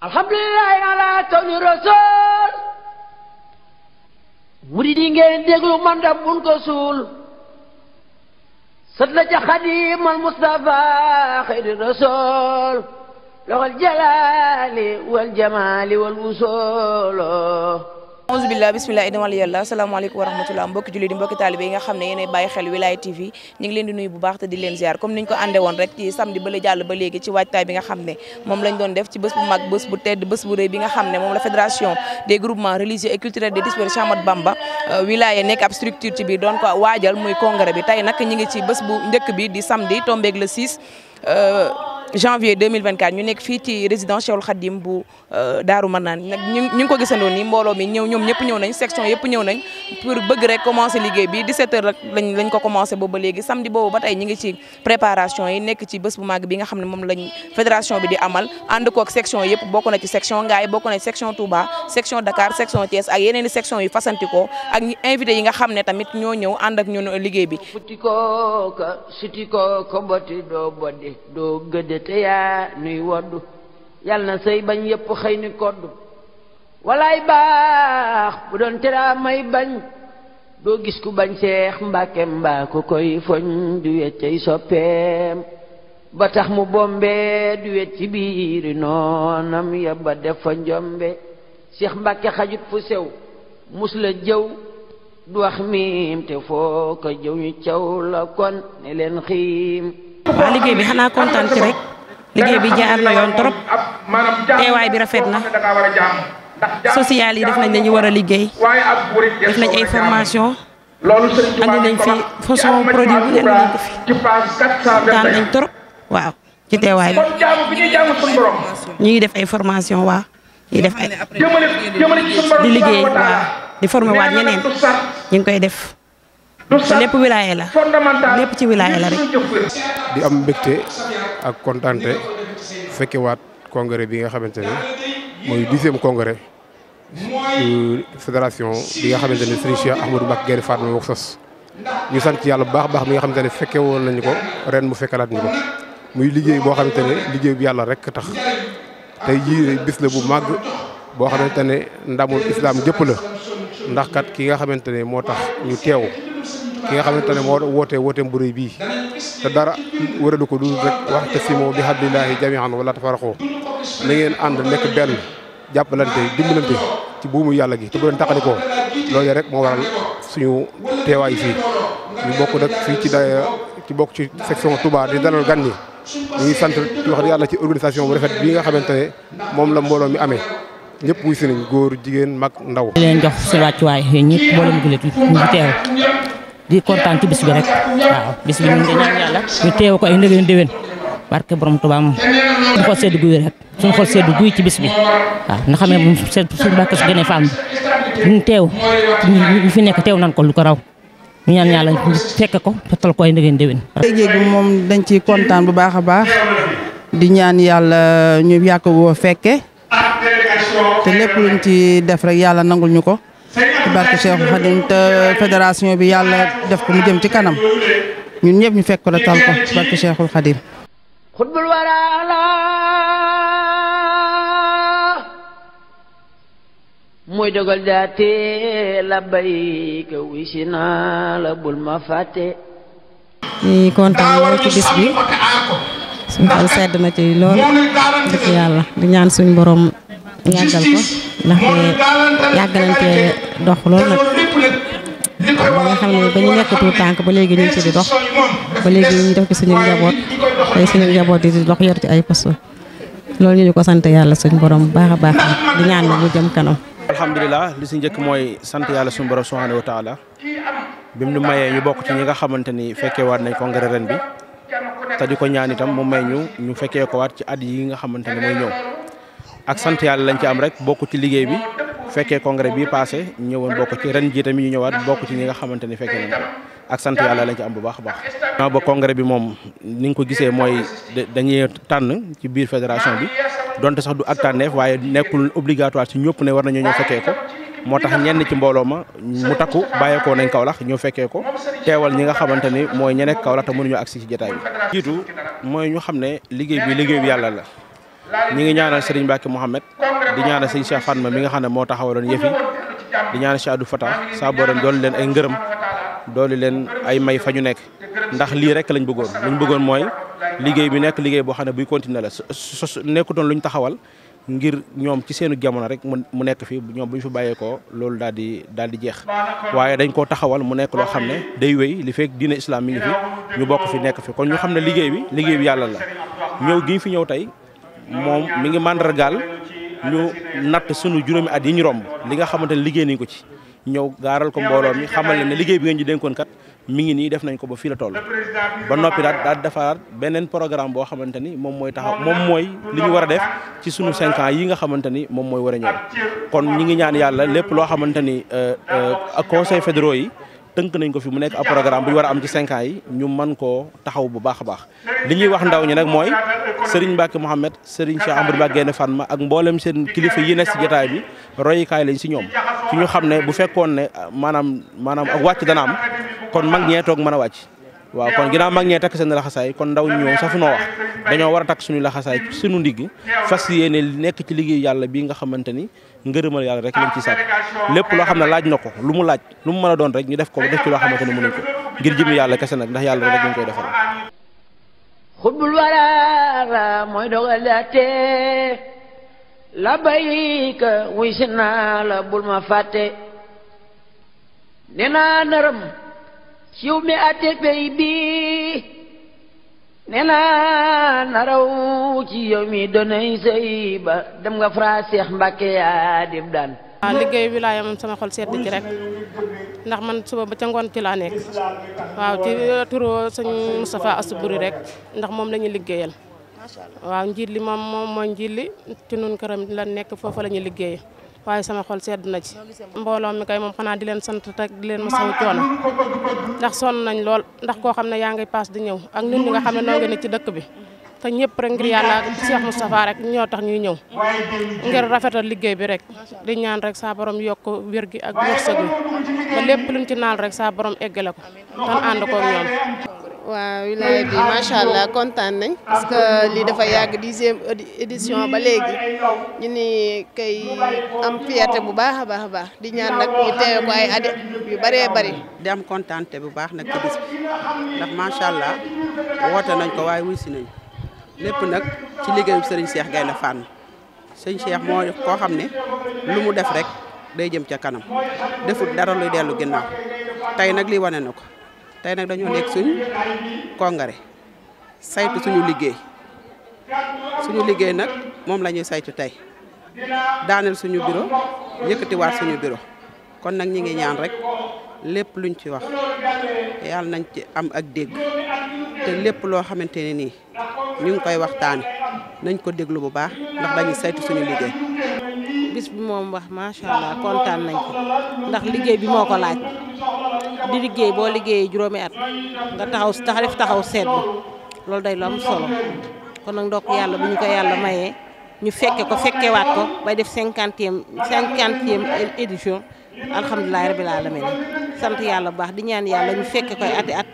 alhamdulilahi ala tawli rasul murid yi ngeen déglu man da bun ko suul sët la ca xadimal mustafa xayri rasul loxol jalali wal jamali wal usolo auzu billah bismillah idamala yàlla asalaamaaleykum wa rahmatullah mbokki julli di mbokki taalibe yi nga xam ne yéenay bàyyi xel Wilaya TV ñu ngi leen di nuyu bu baax te di leen ziar comme niñ ko ànde woon rek ci samedi ba léegi ci waajtaay bi nga bu mag bi nga xam ne moom la fédération des groupements religieux et culturels des disciples Cheikh Bamba euh, Wilaya nekk ab structure ci doon ko waajal muy congrès bi tey nag ñu ngi ci bés bu njëkk bi di samedi tombeeg janvier 2024 ñu nekk fii ci résidence Cheikhoul Khadim bu euh, Daaru Marnaan ñu ñu ko gisandoo nii mbooloo mi ñëw ñëpp ñëw nañ section yëpp ñëw nañ pour bëgg rek commencé liggéey bi 17h rek lañ lañ ko commencé boobu léegi samedi boobu ba tey ñu ngi ci préparation yi nekk ci bés bu màgg bi nga xam ne moom lañ fédération bi di amal ànd kook section yëpp bokk na ci section Ngaye bokk na ci section Touba section Dakar section Thiès ak yeneen i section yu fasantikoo ak ñi invité yi nga xam ne tamit ñoo ñëw ànd ak ñun te yaa nuy woddu yal na sëy bañ yépp xey ni koddu walaay baax bu doon teraa may bañ doo gis ku bañ seex mbàkke mbaa ku koy foñ du weccey soppeem ba tax mu bombe du wet ci biiri noonam ya def fa njombe seex mbàkke xajut fu sew mus la jëw du wax miim te foo ko jëw ñu caw la kon ne leen xiim waa liggéey bi xanaa kontaan ci rek liggéey bi jaar na yoon trop teewaay bi rafet na social yi def nañ la ñu war a liggéey def nañ ay formation andi nañ fi façon produit trop waaw ci teewaay bi ñu ngi def ay formation waa di def ay di liggéey waa di former waa ñeneen ñu ngi koy def te lépp wilaaye la lépp ci wilaaye la rek ak kontante fekkewaat congrès bi nga xamante ne mooy dixième congrès fédération bi nga xamante ne Serigne Cheikh Ahmadou Mbacké Gaïndé Fatma moo ko sos ñu sant yàlla bu baax baax mi nga xamante ne fekke woon nañu ko ren mu fekkalaat ñu ko muy liggéey boo xamante ne liggéey bu yàlla rek tax tey jii bis la bu màgg boo xamante ne ndamul islaam jëpp la ndax kat ki nga xamante ne moo tax ñu teew ki nga xamante ne moo woote woote mburu bii te dara wëralu ko dul rek wax te simo bi xam jami'an wala tafaraqu na ngeen ànd nekk benn jàppalante dimbalante ci buumu yàlla gi te bu leen taqalikoo loolu rek moo waral suñu teewaay fii ñu bokk nag ci da ci bokk ci section Touba di dalal gan ñi ngi sant wax yàlla ci organisation bu rafet bii nga xamante ne moom la mbooloo mi amee ñëpp wuy si nañ góor jigéen mag ndaw. di ñu teew di kontaan ci bis bi rek waaw bis bi ñu ngi ñaan yàlla ñu teew ko ay ndëgën déwén barke borom Tuubaa moom suñu xol seddu guy rek suñu xol seddu guy ci bis bi waaw nga xamee moom suñu barke su gënee faam bi ñu teew ñu fi nekk teew nan ko lu ko raw ñu ñaan yàlla ñu fekk ko fetal ko ay ndëgën déwén géej moom dañ ci kontaan bu baax a baax di ñaan yàlla ñu yàgg woo fekke te lépp luñ ci def rek yàlla nangul ñu ko ci barke Cheikh Khadim te fédération bi yàlla def ko mu jëm ci kanam ñun ñëpp ñu fekk ko la tal ko barke Cheikhul Khadim xutbul waraala muy dogal daate labbayka wi si naa la bul ma fàtte di kontaan ci bis bi suñu xol sedd na ci lool dëkk yàlla di ñaan suñu borom yàggal ko ndaxte yàggalante dox loolu nag ba nga xam ne ba ñu nekk tuut tànk ba léegi ñu ngi ci di dox ba léegi ñu def ci suñu njaboot tey suñu njaboot di dox yor ci ay poste loolu ñu ni ko sant yàlla suñu borom bu baax a baax di ñaan mu jëm kanam. alhamdulilah li si njëkk mooy sant yàlla suñu borom subhanahu wa taala bi mu nu mayee ñu bokk ci ñi nga xamante ni fekkee waat nañ congrès ren bi te di ko ñaan itam mu may ñu ñu fekkee ko waat ci at yi nga xamante ni mooy ñëw. ak sant yàlla lañ ci am rek bokk ci liggéey bi fekkee congrès bii passé ñëwoon bokk ci ren jii tamit ñu ñëwaat bokk ci ñi nga xamante ni fekkee ak sant yàlla lañ am bu baax a baax. ginnaaw ba congrès bi moom ni nga ko gisee mooy dañuy tànn ci biir fédération bi donte sax du ak tànneef waaye nekkul obligatoire ci ñëpp ne war nañoo ñëw fekkee ko. moo tax ñenn ci mbooloo ma mu takku bàyyeekoo nañ Kaolack ñu fekkee ko teewal ñi nga xamante ni mooy ñeneen Kaolack te mënuñoo agsi ci jotaay bi. jiitu mooy ñu xam ne liggéey bi liggéey bi yàlla la. ñi ngi ñaanal sëriñ Mbacke Mouhamed di ñaanal sëriñ Cheikh Fatma mi nga xam ne moo taxawaloon yëf yi di ñaanal Cheikh Abdou Fatah saa borom ay ngërëm dooli leen ay may fa ñu nekk ndax lii rek lañ bëggoon luñ bëggoon mooy liggéey bi nekk liggéey boo xam ne buy continuer la su nekkutoon luñ taxawal ngir ñoom ci seenu jamono rek mu nekk fi ñoom bu ñu fi bàyyeekoo loolu daal di daal di jeex waaye dañ koo taxawal mu nekk loo xam ne day wéy li fekk diine islam mi ngi fi ñu bokk fi nekk fi kon ñu xam ne liggéey bi liggéey bi yàlla la ñëw gi fi ñëw tey moom mi ngi màndargaal ñu natt sunu juróomi at yi ñu romb li nga xamante ne liggéey nañ ko ci ñëw gaaral ko mbooloo mi xamal leen ne liggéey bi ngeen ñu dénkoon kat mi ngi nii def nañ ko ba fii la toll ba noppi daal daal defaraat beneen programme boo xamante ni moom mooy taxaw moom mooy li ñu war a def ci sunu cinq ans yi nga xamante ni moom mooy war a ñëw kon ñi ngi ñaan yàlla lépp loo xamante ni euh, euh, ak conseil fédéraux yi tënk nañ ko fi mu nekk ab programme bu ñu war a am ci 5 ans yi ñu mën koo taxaw bu baax a baax dañuy wax ndaw ñi nag mooy Serigne Mbacke Mouhamed Serigne Cheikh Amadou Mbacke Gaïndé ma ak mboolem seen kilifa yi nekk si jotaay bi royukaay lañ si ñoom ci ñu xam ne bu fekkoon ne maanaam maanaam ak wàcc dana kon mag ñee toog mën a wàcc waaw kon ginnaaw mag ñee takk seen laxasaay kon ndaw ñi moom safu noo wax dañoo war a takk suñu laxasaay suñu ndigg fas yéene nekk ci liggéey yàlla bi nga xamante ni ngërëmal yàlla rek lañ ci sàkk lépp loo xam ne laaj na ko lu mu laaj lu mu mën a doon rek ñu def ko def ci loo xamante ne mënuñ ko ngir jëmi yàlla kese nag ndax yàlla rek lañ koy defal xutbul waraara mooy dogal daate labayka wuy si naa la bul ma fàtte nee naa ciw mi atte pey bii ne naa naraw ci yow mi donay sëy ba dem nga fra Seex yaa dib daan liggéey wilaaya sama xol sedd rek ndax man suba ba ca ngoon ci laa nekk waaw ci turu sëñ Moustapha Asuburi rek ndax moom lañuy liggéeyal waaw njiit li moom moom mooy njiit li ci nun këram la nekk foofa lañuy liggéey waaye sama xol sedd na ci mbooloo mi kay moom xanaa di leen sant te di leen masawu coono ndax sonn nañ lool ndax koo xam ne yaa ngi paas di ñëw ak nit ñi nga xam ne noo ngi ci dëkk bi te ñëpp rek ngir yàlla ak Cheikh Moustapha rek ñoo tax ñuy ñëw ngir rafetal liggéey bi rek di ñaan rek saa borom yokk wér gi ak wërsëg bi lépp luñ ci naal rek saa borom eggale ko ànd ko ñoom. macha allah kontaan nañ parce que lii dafa yàgg dixième édition ba léegi ñu ni kay am fierté bu baax a baax a baax di ñaan nag ñu teewe ko ay ade yu bëree bëri. di am kontaante bu baax nag ci bis ndax macha allah woote nañ ko waaye wuy si nañ lépp nag ci liggéeyu sëriñ seex Gaynde fànn sëñ Cheikh moo koo xam ne lu mu def rek day jëm ca kanam defut dara luy dellu ginnaaw tey nag li wane na ko tey nag dañu nekk suñ kongare saytu suñu liggéey suñu liggéey nag moom lañuy saytu tey daaneel suñu bureau yëkkatiwaat suñu bureau kon nag ñi ngi ñaan rek lépp luñ ci wax yàlla nañ ci am ak dégg te lépp loo xamante ne nii ñu ngi koy waxtaane nañ ko déglu bu baax ndax dañuy saytu suñu liggéey. bis bi moom wax macha allah kontaan nañ ko ndax liggéey bi moo ko laaj di liggéey boo liggéeyee juróomi at nga taxaw tax def taxaw seetlu loolu day lu am solo kon nag ndokk yàlla bu ñu ko yàlla mayee ñu fekkee ko fekkewaat ko bay def cinquantième cinquantième édition alhamdulilah rabil alamin sant yàlla bu baax di ñaan yàlla ñu fekke koy ati at.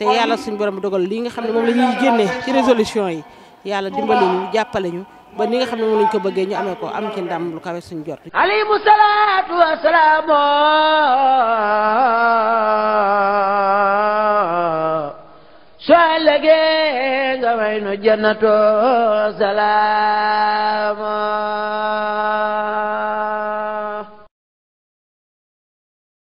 te yàlla suñ borom dogal lii nga xam ne moom la ñuy génnee ci résolution yi yàlla dimbali ñu jàppale ñu ba ni nga xam ne moom lañ ko bëggee ñu amee ko am ci ndam lu kawe suñ jot aleyhum salaatu wasalaamu